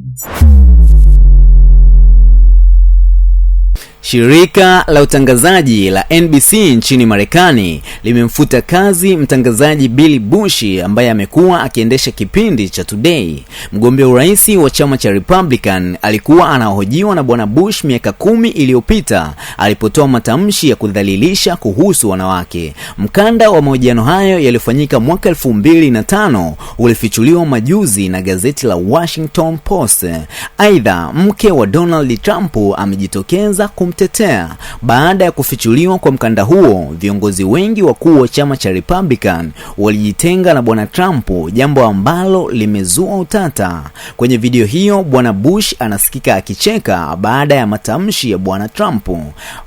Mm-hmm. Shirika la utangazaji la NBC nchini Marekani limemfuta kazi mtangazaji Billy Bush ambaye amekuwa akiendesha kipindi cha Today. Mgombea urais wa chama cha Republican alikuwa anahojiwa na bwana Bush miaka kumi iliyopita alipotoa matamshi ya kudhalilisha kuhusu wanawake. Mkanda wa mahojiano hayo yaliyofanyika mwaka elfu mbili na tano ulifichuliwa majuzi na gazeti la Washington Post. Aidha, mke wa Donald Trump amejitokeza kumta kujitetea baada ya kufichuliwa kwa mkanda huo. Viongozi wengi wakuu wa chama cha Republican walijitenga na bwana Trump, jambo ambalo limezua utata. Kwenye video hiyo, bwana Bush anasikika akicheka baada ya matamshi ya bwana Trump.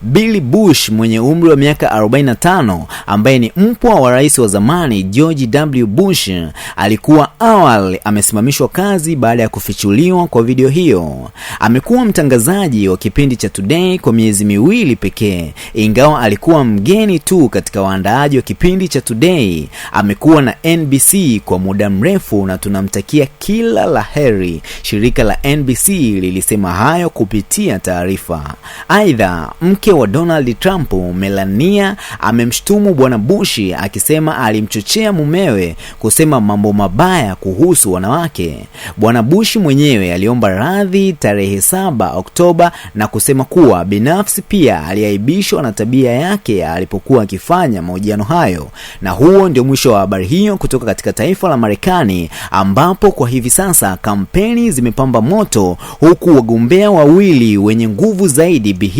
Billy Bush mwenye umri wa miaka 45 ambaye ni mpwa wa rais wa zamani George W. Bush alikuwa awali amesimamishwa kazi baada ya kufichuliwa kwa video hiyo. Amekuwa mtangazaji wa kipindi cha Today kwa miezi miwili pekee, ingawa alikuwa mgeni tu katika waandaaji wa kipindi cha Today. Amekuwa na NBC kwa muda mrefu na tunamtakia kila la heri. Shirika la NBC lilisema hayo kupitia taarifa. Aidha, mke wa Donald Trump Melania amemshtumu bwana Bushi akisema alimchochea mumewe kusema mambo mabaya kuhusu wanawake. Bwana Bushi mwenyewe aliomba radhi tarehe 7 Oktoba na kusema kuwa bina binafsi pia aliaibishwa na tabia yake alipokuwa akifanya mahojiano hayo. Na huo ndio mwisho wa habari hiyo kutoka katika taifa la Marekani, ambapo kwa hivi sasa kampeni zimepamba moto, huku wagombea wawili wenye nguvu zaidi Bi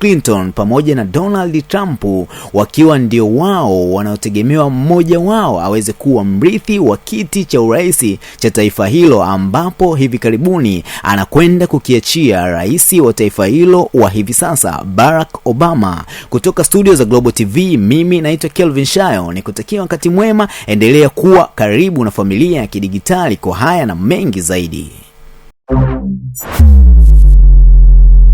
Clinton pamoja na Donald Trump wakiwa ndio wao wanaotegemewa mmoja wao aweze kuwa mrithi wa kiti cha urais cha taifa hilo, ambapo hivi karibuni anakwenda kukiachia rais wa taifa hilo wa hivi sasa sasa Barack Obama. Kutoka studio za Global TV, mimi naitwa Kelvin Shayo, nikutakia wakati mwema. Endelea kuwa karibu na familia ya kidigitali kwa haya na mengi zaidi.